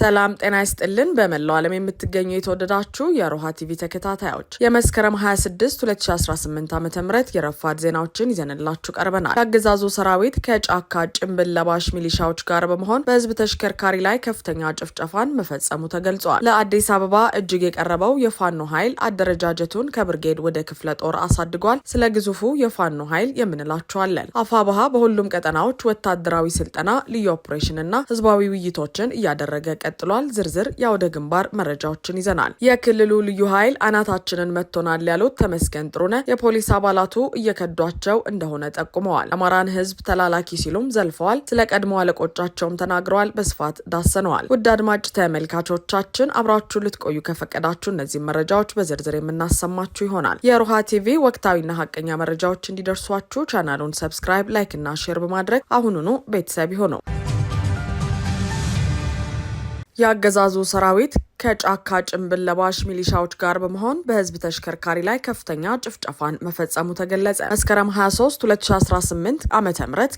ሰላም ጤና ይስጥልን። በመላው ዓለም የምትገኙ የተወደዳችሁ የሮሃ ቲቪ ተከታታዮች የመስከረም 26 2018 ዓ ም የረፋድ ዜናዎችን ይዘንላችሁ ቀርበናል። የአገዛዙ ሰራዊት ከጫካ ጭንብል ለባሽ ሚሊሻዎች ጋር በመሆን በህዝብ ተሽከርካሪ ላይ ከፍተኛ ጭፍጨፋን መፈጸሙ ተገልጿል። ለአዲስ አበባ እጅግ የቀረበው የፋኖ ኃይል አደረጃጀቱን ከብርጌድ ወደ ክፍለ ጦር አሳድጓል። ስለ ግዙፉ የፋኖ ኃይል የምንላችኋለን። አፋባሃ በሁሉም ቀጠናዎች ወታደራዊ ስልጠና፣ ልዩ ኦፕሬሽን ህዝባዊ ውይይቶችን እያደረገ ቀጥሏል። ዝርዝር የአውደ ግንባር መረጃዎችን ይዘናል። የክልሉ ልዩ ኃይል አናታችንን መጥቶናል ያሉት ተመስገን ጥሩነ የፖሊስ አባላቱ እየከዷቸው እንደሆነ ጠቁመዋል። አማራን ህዝብ ተላላኪ ሲሉም ዘልፈዋል። ስለ ቀድሞ አለቆቻቸውም ተናግረዋል። በስፋት ዳሰነዋል። ውድ አድማጭ ተመልካቾቻችን አብራችሁ ልትቆዩ ከፈቀዳችሁ እነዚህ መረጃዎች በዝርዝር የምናሰማችሁ ይሆናል። የሮሃ ቲቪ ወቅታዊና ሀቀኛ መረጃዎች እንዲደርሷችሁ ቻናሉን ሰብስክራይብ፣ ላይክ እና ሼር በማድረግ አሁኑኑ ቤተሰብ ይሁኑ። የአገዛዙ ሰራዊት ከጫካ ጭንብል ለባሽ ሚሊሻዎች ጋር በመሆን በህዝብ ተሽከርካሪ ላይ ከፍተኛ ጭፍጨፋን መፈጸሙ ተገለጸ። መስከረም 23 2018 ዓ ም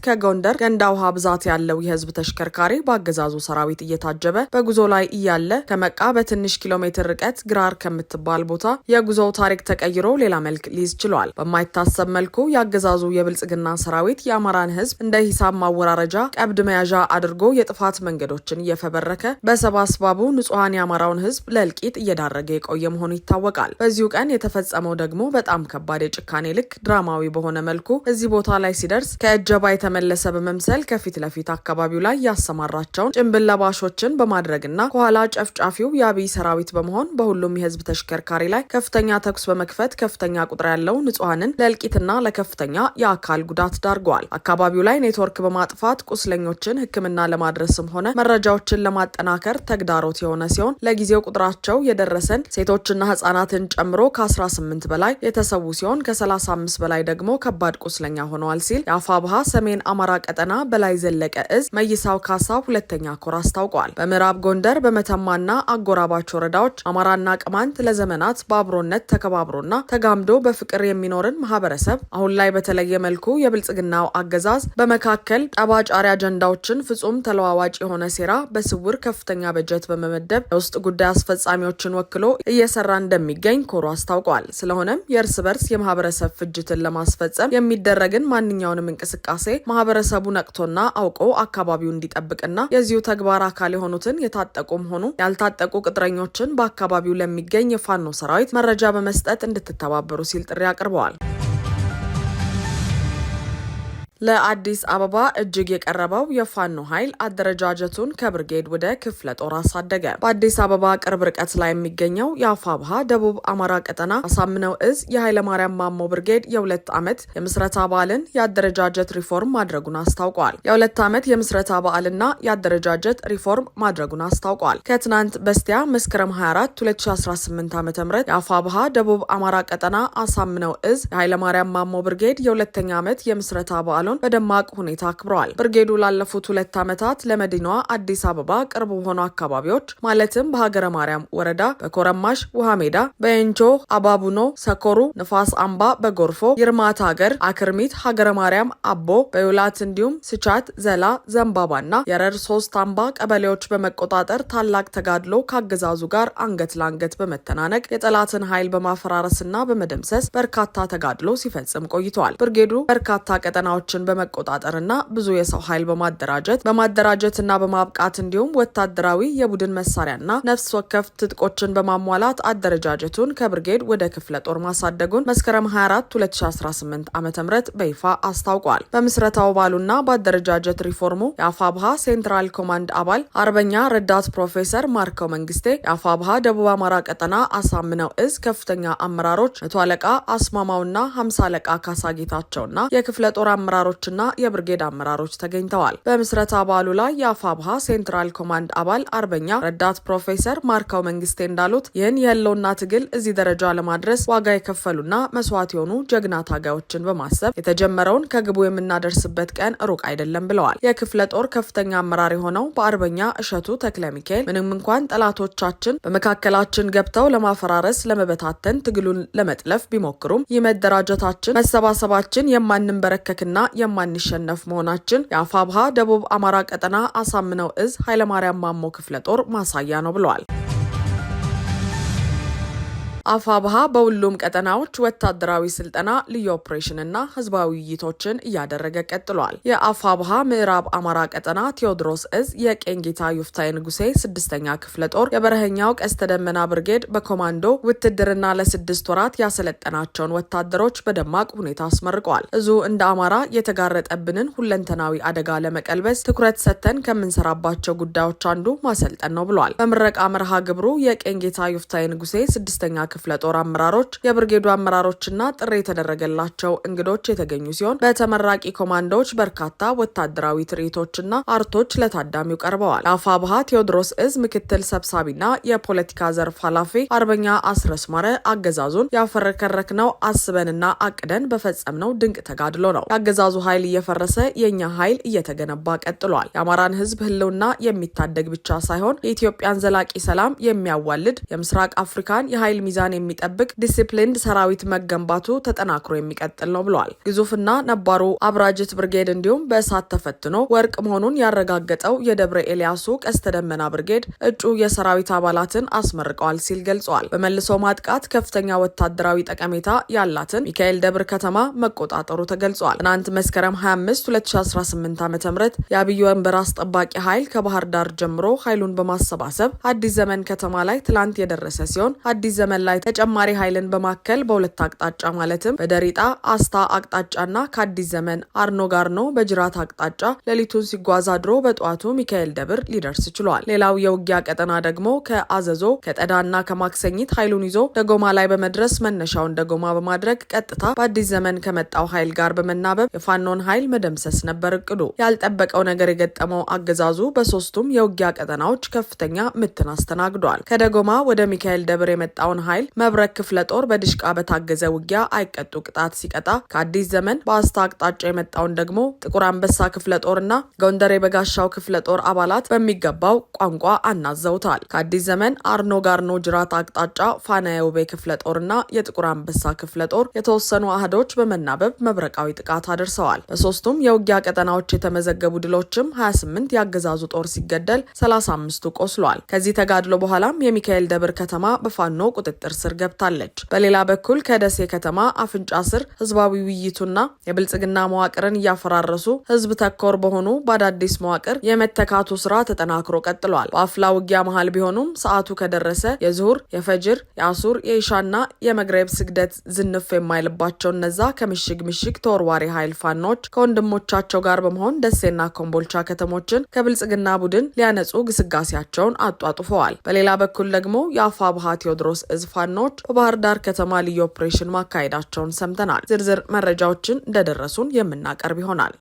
ከጎንደር ገንዳ ውሃ ብዛት ያለው የህዝብ ተሽከርካሪ በአገዛዙ ሰራዊት እየታጀበ በጉዞ ላይ እያለ ከመቃ በትንሽ ኪሎ ሜትር ርቀት ግራር ከምትባል ቦታ የጉዞው ታሪክ ተቀይሮ ሌላ መልክ ሊይዝ ችሏል። በማይታሰብ መልኩ የአገዛዙ የብልጽግና ሰራዊት የአማራን ህዝብ እንደ ሂሳብ ማወራረጃ ቀብድ መያዣ አድርጎ የጥፋት መንገዶችን እየፈበረከ በሰባስባቡ ንጹሐን የአማራው የኤርትራውን ህዝብ ለእልቂት እየዳረገ የቆየ መሆኑ ይታወቃል። በዚሁ ቀን የተፈጸመው ደግሞ በጣም ከባድ የጭካኔ ልክ ድራማዊ በሆነ መልኩ እዚህ ቦታ ላይ ሲደርስ ከእጀባ የተመለሰ በመምሰል ከፊት ለፊት አካባቢው ላይ ያሰማራቸውን ጭንብል ለባሾችን በማድረግና ከኋላ ጨፍጫፊው የአብይ ሰራዊት በመሆን በሁሉም የህዝብ ተሽከርካሪ ላይ ከፍተኛ ተኩስ በመክፈት ከፍተኛ ቁጥር ያለው ንጹሐንን ለእልቂትና ለከፍተኛ የአካል ጉዳት ዳርገዋል። አካባቢው ላይ ኔትወርክ በማጥፋት ቁስለኞችን ሕክምና ለማድረስም ሆነ መረጃዎችን ለማጠናከር ተግዳሮት የሆነ ሲሆን ለጊዜ ለጊዜው ቁጥራቸው የደረሰን ሴቶችና ህጻናትን ጨምሮ ከ18 በላይ የተሰዉ ሲሆን ከ35 በላይ ደግሞ ከባድ ቁስለኛ ሆነዋል ሲል የአፋብሃ ሰሜን አማራ ቀጠና በላይ ዘለቀ እዝ መይሳው ካሳ ሁለተኛ ኮር አስታውቋል። በምዕራብ ጎንደር በመተማና አጎራባች ወረዳዎች አማራና ቅማንት ለዘመናት በአብሮነት ተከባብሮና ተጋምዶ በፍቅር የሚኖርን ማህበረሰብ አሁን ላይ በተለየ መልኩ የብልጽግናው አገዛዝ በመካከል ጠባጫሪ አጀንዳዎችን ፍጹም ተለዋዋጭ የሆነ ሴራ በስውር ከፍተኛ በጀት በመመደብ ለውስጥ ጉዳይ አስፈጻሚዎችን ወክሎ እየሰራ እንደሚገኝ ኮሮ አስታውቋል። ስለሆነም የእርስ በርስ የማህበረሰብ ፍጅትን ለማስፈጸም የሚደረግን ማንኛውንም እንቅስቃሴ ማህበረሰቡ ነቅቶና አውቆ አካባቢው እንዲጠብቅና የዚሁ ተግባር አካል የሆኑትን የታጠቁም ሆኑ ያልታጠቁ ቅጥረኞችን በአካባቢው ለሚገኝ የፋኖ ሰራዊት መረጃ በመስጠት እንድትተባበሩ ሲል ጥሪ አቅርበዋል። ለአዲስ አበባ እጅግ የቀረበው የፋኖ ኃይል አደረጃጀቱን ከብርጌድ ወደ ክፍለ ጦር አሳደገ። በአዲስ አበባ ቅርብ ርቀት ላይ የሚገኘው የአፋብሃ ደቡብ አማራ ቀጠና አሳምነው እዝ የኃይለማርያም ማሞ ብርጌድ የሁለት ዓመት የምስረታ በዓልን የአደረጃጀት ሪፎርም ማድረጉን አስታውቋል። የሁለት ዓመት የምስረታ በዓልና የአደረጃጀት ሪፎርም ማድረጉን አስታውቋል። ከትናንት በስቲያ መስከረም 24 2018 ዓ ም የአፋብሃ ደቡብ አማራ ቀጠና አሳምነው እዝ የኃይለማርያም ማሞ ብርጌድ የሁለተኛ ዓመት የምስረታ በዓሉን በዓሉን በደማቅ ሁኔታ አክብረዋል። ብርጌዱ ላለፉት ሁለት ዓመታት ለመዲናዋ አዲስ አበባ ቅርብ በሆኑ አካባቢዎች ማለትም በሀገረ ማርያም ወረዳ በኮረማሽ፣ ውሃ ሜዳ፣ በኤንቾ፣ አባቡኖ፣ ሰኮሩ፣ ንፋስ አምባ፣ በጎርፎ፣ ይርማት ሀገር፣ አክርሚት፣ ሀገረ ማርያም፣ አቦ፣ በዩላት እንዲሁም ስቻት፣ ዘላ፣ ዘንባባና የረር ሶስት አምባ ቀበሌዎች በመቆጣጠር ታላቅ ተጋድሎ ከአገዛዙ ጋር አንገት ለአንገት በመተናነቅ የጠላትን ኃይል በማፈራረስና በመደምሰስ በርካታ ተጋድሎ ሲፈጽም ቆይተዋል። ብርጌዱ በርካታ ቀጠናዎችን ቦታዎችን በመቆጣጠርና ብዙ የሰው ኃይል በማደራጀት በማደራጀትና በማብቃት እንዲሁም ወታደራዊ የቡድን መሳሪያና ነፍስ ወከፍ ትጥቆችን በማሟላት አደረጃጀቱን ከብርጌድ ወደ ክፍለ ጦር ማሳደጉን መስከረም 24 2018 ዓ ም በይፋ አስታውቋል። በምስረታው ባሉና በአደረጃጀት ሪፎርሙ የአፋብሃ ሴንትራል ኮማንድ አባል አርበኛ ረዳት ፕሮፌሰር ማርከው መንግስቴ፣ የአፋብሃ ደቡብ አማራ ቀጠና አሳምነው እዝ ከፍተኛ አመራሮች መቶ አለቃ አስማማውና ሀምሳ አለቃ ካሳ ጌታቸውና የክፍለ ጦር አመራሮች አመራሮችና የብርጌድ አመራሮች ተገኝተዋል። በምስረታ በዓሉ ላይ የአፋብሃ ሴንትራል ኮማንድ አባል አርበኛ ረዳት ፕሮፌሰር ማርካው መንግስቴ እንዳሉት ይህን የህልውና ትግል እዚህ ደረጃ ለማድረስ ዋጋ የከፈሉና መስዋዕት የሆኑ ጀግና ታጋዮችን በማሰብ የተጀመረውን ከግቡ የምናደርስበት ቀን ሩቅ አይደለም ብለዋል። የክፍለ ጦር ከፍተኛ አመራር የሆነው በአርበኛ እሸቱ ተክለ ሚካኤል ምንም እንኳን ጠላቶቻችን በመካከላችን ገብተው ለማፈራረስ፣ ለመበታተን፣ ትግሉን ለመጥለፍ ቢሞክሩም ይህ መደራጀታችን፣ መሰባሰባችን የማንንበረከክና የማንሸነፍ መሆናችን የአፋብሃ ደቡብ አማራ ቀጠና አሳምነው እዝ ኃይለማርያም ማሞ ክፍለ ጦር ማሳያ ነው ብለዋል። አፋብሃ በሁሉም ቀጠናዎች ወታደራዊ ስልጠና፣ ልዩ ኦፕሬሽንና ህዝባዊ ውይይቶችን እያደረገ ቀጥሏል። የአፋብሃ ምዕራብ አማራ ቀጠና ቴዎድሮስ እዝ የቄንጌታ ዩፍታይ ንጉሴ ስድስተኛ ክፍለ ጦር የበረሀኛው ቀስተ ደመና ብርጌድ በኮማንዶ ውትድርና ለስድስት ወራት ያሰለጠናቸውን ወታደሮች በደማቅ ሁኔታ አስመርቋል። እዙ እንደ አማራ የተጋረጠብንን ሁለንተናዊ አደጋ ለመቀልበስ ትኩረት ሰጥተን ከምንሰራባቸው ጉዳዮች አንዱ ማሰልጠን ነው ብሏል። በምረቃ መርሃ ግብሩ የቄንጌታ ዩፍታይ ንጉሴ ስድስተኛ ክፍለ ጦር አመራሮች፣ የብርጌዱ አመራሮችና ጥሪ የተደረገላቸው እንግዶች የተገኙ ሲሆን በተመራቂ ኮማንዶዎች በርካታ ወታደራዊ ትርኢቶችና አርቶች ለታዳሚው ቀርበዋል። አፋ ብሃ ቴዎድሮስ እዝ ምክትል ሰብሳቢና የፖለቲካ ዘርፍ ኃላፊ አርበኛ አስረስ ማረ አገዛዙን ያፈረከረክነው አስበንና አቅደን በፈጸምነው ድንቅ ተጋድሎ ነው። የአገዛዙ ኃይል እየፈረሰ የእኛ ኃይል እየተገነባ ቀጥሏል። የአማራን ሕዝብ ህልውና የሚታደግ ብቻ ሳይሆን የኢትዮጵያን ዘላቂ ሰላም የሚያዋልድ የምስራቅ አፍሪካን የኃይል ሚዛን ሚዛን የሚጠብቅ ዲሲፕሊንድ ሰራዊት መገንባቱ ተጠናክሮ የሚቀጥል ነው ብለዋል። ግዙፍና ነባሩ አብራጅት ብርጌድ እንዲሁም በእሳት ተፈትኖ ወርቅ መሆኑን ያረጋገጠው የደብረ ኤልያሱ ቀስተ ደመና ብርጌድ እጩ የሰራዊት አባላትን አስመርቀዋል ሲል ገልጸዋል። በመልሶ ማጥቃት ከፍተኛ ወታደራዊ ጠቀሜታ ያላትን ሚካኤል ደብር ከተማ መቆጣጠሩ ተገልጿል። ትናንት መስከረም 25 2018 ዓ ም የአብይ ወንበር አስጠባቂ ኃይል ከባህር ዳር ጀምሮ ኃይሉን በማሰባሰብ አዲስ ዘመን ከተማ ላይ ትላንት የደረሰ ሲሆን አዲስ ዘመን ላይ ላይ ተጨማሪ ኃይልን በማከል በሁለት አቅጣጫ ማለትም በደሪጣ አስታ አቅጣጫና ከአዲስ ዘመን አርኖ ነው በጅራት አቅጣጫ ሌሊቱን ሲጓዝ አድሮ በጠዋቱ ሚካኤል ደብር ሊደርስ ችሏል። ሌላው የውጊያ ቀጠና ደግሞ ከአዘዞ ከጠዳና ከማክሰኝት ኃይሉን ይዞ ደጎማ ላይ በመድረስ መነሻውን ደጎማ በማድረግ ቀጥታ በአዲስ ዘመን ከመጣው ኃይል ጋር በመናበብ የፋኖን ኃይል መደምሰስ ነበር እቅዱ። ያልጠበቀው ነገር የገጠመው አገዛዙ በሶስቱም የውጊያ ቀጠናዎች ከፍተኛ ምትን አስተናግዷል። ከደጎማ ወደ ሚካኤል ደብር የመጣውን ኃይል ኃይል መብረቅ ክፍለ ጦር በድሽቃ በታገዘ ውጊያ አይቀጡ ቅጣት ሲቀጣ ከአዲስ ዘመን በአስታ አቅጣጫ የመጣውን ደግሞ ጥቁር አንበሳ ክፍለ ጦርና ጎንደር የበጋሻው ክፍለ ጦር አባላት በሚገባው ቋንቋ አናዘውታል። ከአዲስ ዘመን አርኖ ጋርኖ ጅራት አቅጣጫ ፋና የውቤ ክፍለ ጦርና የጥቁር አንበሳ ክፍለ ጦር የተወሰኑ አህዶች በመናበብ መብረቃዊ ጥቃት አድርሰዋል። በሶስቱም የውጊያ ቀጠናዎች የተመዘገቡ ድሎችም 28 የአገዛዙ ጦር ሲገደል 35ቱ ቆስሏል። ከዚህ ተጋድሎ በኋላም የሚካኤል ደብር ከተማ በፋኖ ቁጥጥር ቁጥጥር ስር ገብታለች። በሌላ በኩል ከደሴ ከተማ አፍንጫ ስር ህዝባዊ ውይይቱና የብልጽግና መዋቅርን እያፈራረሱ ህዝብ ተኮር በሆኑ በአዳዲስ መዋቅር የመተካቱ ስራ ተጠናክሮ ቀጥሏል። በአፍላ ውጊያ መሀል ቢሆኑም ሰዓቱ ከደረሰ የዝሁር፣ የፈጅር፣ የአሱር፣ የኢሻና የመግረብ ስግደት ዝንፍ የማይልባቸው እነዛ ከምሽግ ምሽግ ተወርዋሪ ኃይል ፋኖች ከወንድሞቻቸው ጋር በመሆን ደሴና ኮምቦልቻ ከተሞችን ከብልጽግና ቡድን ሊያነጹ ግስጋሴያቸውን አጧጡፈዋል። በሌላ በኩል ደግሞ የአፋ ብሃ ቴዎድሮስ እዝ ፋኖች በባህር ዳር ከተማ ልዩ ኦፕሬሽን ማካሄዳቸውን ሰምተናል። ዝርዝር መረጃዎችን እንደደረሱን የምናቀርብ ይሆናል።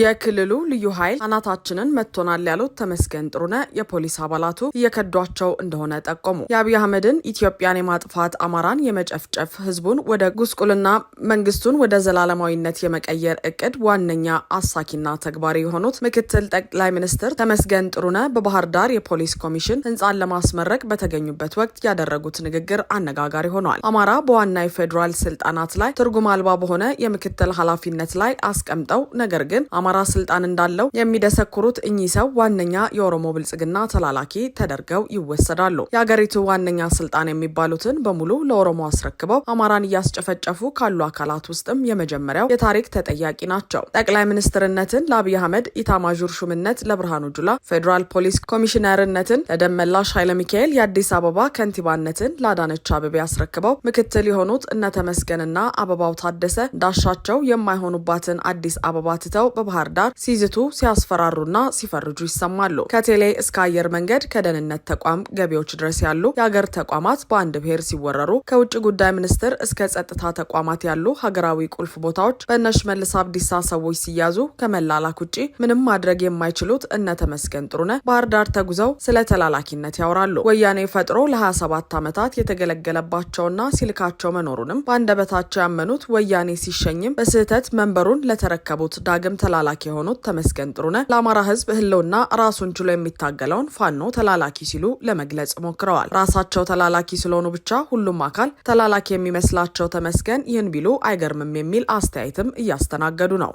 የክልሉ ልዩ ኃይል አናታችንን መጥቶናል ያሉት ተመስገን ጥሩነ የፖሊስ አባላቱ እየከዷቸው እንደሆነ ጠቆሙ። የአብይ አህመድን ኢትዮጵያን የማጥፋት አማራን የመጨፍጨፍ ህዝቡን ወደ ጉስቁልና መንግስቱን ወደ ዘላለማዊነት የመቀየር እቅድ ዋነኛ አሳኪና ተግባሪ የሆኑት ምክትል ጠቅላይ ሚኒስትር ተመስገን ጥሩነ በባህር ዳር የፖሊስ ኮሚሽን ህንፃን ለማስመረቅ በተገኙበት ወቅት ያደረጉት ንግግር አነጋጋሪ ሆኗል። አማራ በዋና የፌዴራል ስልጣናት ላይ ትርጉም አልባ በሆነ የምክትል ኃላፊነት ላይ አስቀምጠው ነገር ግን አማራ ስልጣን እንዳለው የሚደሰኩሩት እኚህ ሰው ዋነኛ የኦሮሞ ብልጽግና ተላላኪ ተደርገው ይወሰዳሉ። የአገሪቱ ዋነኛ ስልጣን የሚባሉትን በሙሉ ለኦሮሞ አስረክበው አማራን እያስጨፈጨፉ ካሉ አካላት ውስጥም የመጀመሪያው የታሪክ ተጠያቂ ናቸው። ጠቅላይ ሚኒስትርነትን ለአብይ አህመድ፣ ኢታማዦር ሹምነት ለብርሃኑ ጁላ፣ ፌዴራል ፖሊስ ኮሚሽነርነትን ለደመላሽ ኃይለ ሚካኤል፣ የአዲስ አበባ ከንቲባነትን ለአዳነች አበቤ አስረክበው ምክትል የሆኑት እነ ተመስገንና አበባው ታደሰ ዳሻቸው የማይሆኑባትን አዲስ አበባ ትተው በባህር ባህር ዳር ሲዝቱ ሲያስፈራሩና ሲፈርጁ ይሰማሉ። ከቴሌ እስከ አየር መንገድ ከደህንነት ተቋም ገቢዎች ድረስ ያሉ የአገር ተቋማት በአንድ ብሔር ሲወረሩ፣ ከውጭ ጉዳይ ሚኒስቴር እስከ ጸጥታ ተቋማት ያሉ ሀገራዊ ቁልፍ ቦታዎች በነሽ መልስ አብዲሳ ሰዎች ሲያዙ ከመላላክ ውጭ ምንም ማድረግ የማይችሉት እነ ተመስገን ጥሩነህ ባህር ዳር ተጉዘው ስለ ተላላኪነት ያወራሉ። ወያኔ ፈጥሮ ለ27 ዓመታት የተገለገለባቸውና ሲልካቸው መኖሩንም በአንደበታቸው ያመኑት ወያኔ ሲሸኝም በስህተት መንበሩን ለተረከቡት ዳግም ተላላ ተላላኪ የሆኑት ተመስገን ጥሩነህ ለአማራ ሕዝብ ህልውና ራሱን ችሎ የሚታገለውን ፋኖ ተላላኪ ሲሉ ለመግለጽ ሞክረዋል። ራሳቸው ተላላኪ ስለሆኑ ብቻ ሁሉም አካል ተላላኪ የሚመስላቸው ተመስገን ይህን ቢሉ አይገርምም የሚል አስተያየትም እያስተናገዱ ነው።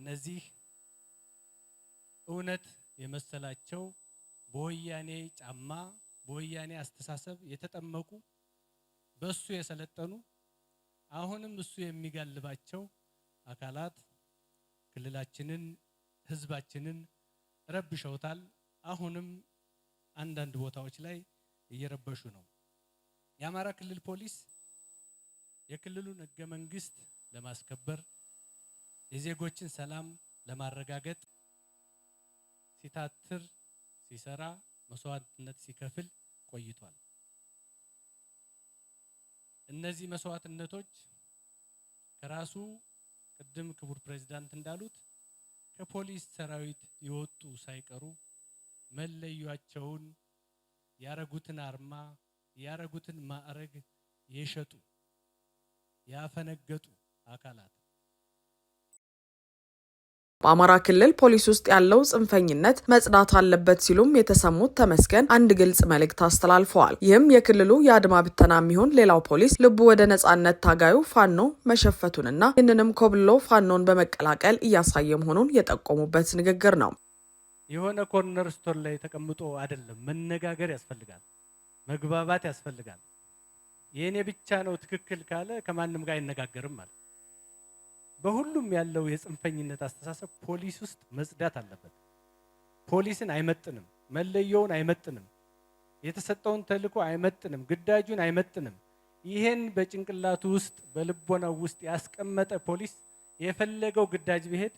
እነዚህ እውነት የመሰላቸው በወያኔ ጫማ በወያኔ አስተሳሰብ የተጠመቁ በእሱ የሰለጠኑ አሁንም እሱ የሚጋልባቸው አካላት ክልላችንን፣ ህዝባችንን ረብሸውታል። አሁንም አንዳንድ ቦታዎች ላይ እየረበሹ ነው። የአማራ ክልል ፖሊስ የክልሉን ህገ መንግስት ለማስከበር የዜጎችን ሰላም ለማረጋገጥ ሲታትር ሲሰራ መስዋዕትነት ሲከፍል ቆይቷል። እነዚህ መስዋዕትነቶች ከራሱ ቅድም ክቡር ፕሬዚዳንት እንዳሉት ከፖሊስ ሰራዊት የወጡ ሳይቀሩ መለያቸውን ያረጉትን አርማ ያረጉትን ማዕረግ የሸጡ ያፈነገጡ አካላት በአማራ ክልል ፖሊስ ውስጥ ያለው ጽንፈኝነት መጽዳት አለበት ሲሉም የተሰሙት ተመስገን አንድ ግልጽ መልእክት አስተላልፈዋል። ይህም የክልሉ የአድማ ብተና የሚሆን ሌላው ፖሊስ ልቡ ወደ ነጻነት ታጋዩ ፋኖ መሸፈቱንና ይህንንም ኮብሎ ፋኖን በመቀላቀል እያሳየ መሆኑን የጠቆሙበት ንግግር ነው። የሆነ ኮርነር ስቶር ላይ ተቀምጦ አይደለም። መነጋገር ያስፈልጋል፣ መግባባት ያስፈልጋል። የእኔ ብቻ ነው ትክክል ካለ ከማንም ጋር አይነጋገርም ማለት በሁሉም ያለው የጽንፈኝነት አስተሳሰብ ፖሊስ ውስጥ መጽዳት አለበት። ፖሊስን አይመጥንም፣ መለየውን አይመጥንም፣ የተሰጠውን ተልኮ አይመጥንም፣ ግዳጁን አይመጥንም። ይሄን በጭንቅላቱ ውስጥ በልቦናው ውስጥ ያስቀመጠ ፖሊስ የፈለገው ግዳጅ ቢሄድ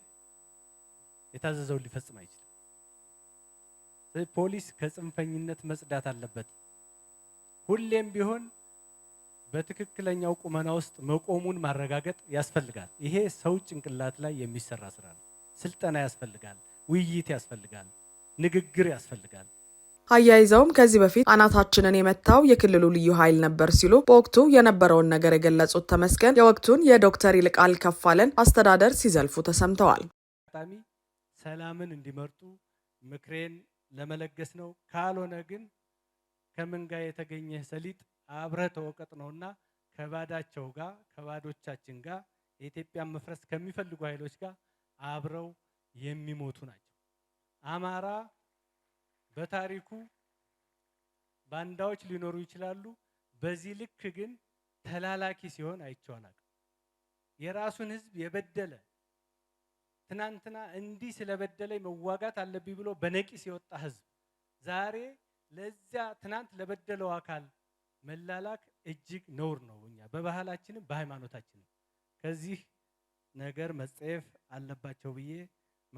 የታዘዘውን ሊፈጽም አይችልም። ፖሊስ ከጽንፈኝነት መጽዳት አለበት ሁሌም ቢሆን በትክክለኛው ቁመና ውስጥ መቆሙን ማረጋገጥ ያስፈልጋል። ይሄ ሰው ጭንቅላት ላይ የሚሰራ ስራ ነው። ስልጠና ያስፈልጋል፣ ውይይት ያስፈልጋል፣ ንግግር ያስፈልጋል። አያይዘውም ከዚህ በፊት አናታችንን የመታው የክልሉ ልዩ ኃይል ነበር ሲሉ በወቅቱ የነበረውን ነገር የገለጹት ተመስገን የወቅቱን የዶክተር ይልቃል ከፋለን አስተዳደር ሲዘልፉ ተሰምተዋል። አጋጣሚ ሰላምን እንዲመርጡ ምክሬን ለመለገስ ነው። ካልሆነ ግን ከምን ጋር የተገኘ ሰሊጥ አብረህ ተወቀጥ ነውና ከባዳቸው ጋር ከባዶቻችን ጋር የኢትዮጵያን መፍረስ ከሚፈልጉ ኃይሎች ጋር አብረው የሚሞቱ ናቸው። አማራ በታሪኩ ባንዳዎች ሊኖሩ ይችላሉ። በዚህ ልክ ግን ተላላኪ ሲሆን አይቸዋናል። የራሱን ሕዝብ የበደለ ትናንትና እንዲህ ስለበደለኝ መዋጋት አለብኝ ብሎ በነቂስ የወጣ ሕዝብ ዛሬ ለዚያ ትናንት ለበደለው አካል መላላክ እጅግ ነውር ነው። እኛ በባህላችንም በሃይማኖታችንም ከዚህ ነገር መጸየፍ አለባቸው ብዬ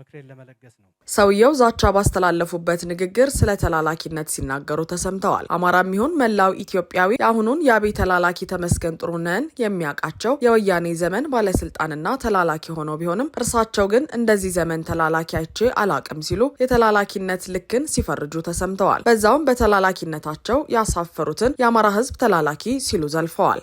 ምክሬን ለመለገስ ነው። ሰውየው ዛቻ ባስተላለፉበት ንግግር ስለ ተላላኪነት ሲናገሩ ተሰምተዋል። አማራም የሚሆን መላው ኢትዮጵያዊ የአሁኑን የአብይ ተላላኪ ተመስገን ጥሩነህን የሚያውቃቸው የወያኔ ዘመን ባለስልጣንና ተላላኪ ሆነው ቢሆንም እርሳቸው ግን እንደዚህ ዘመን ተላላኪ አይቼ አላቅም ሲሉ የተላላኪነት ልክን ሲፈርጁ ተሰምተዋል። በዛውም በተላላኪነታቸው ያሳፈሩትን የአማራ ሕዝብ ተላላኪ ሲሉ ዘልፈዋል።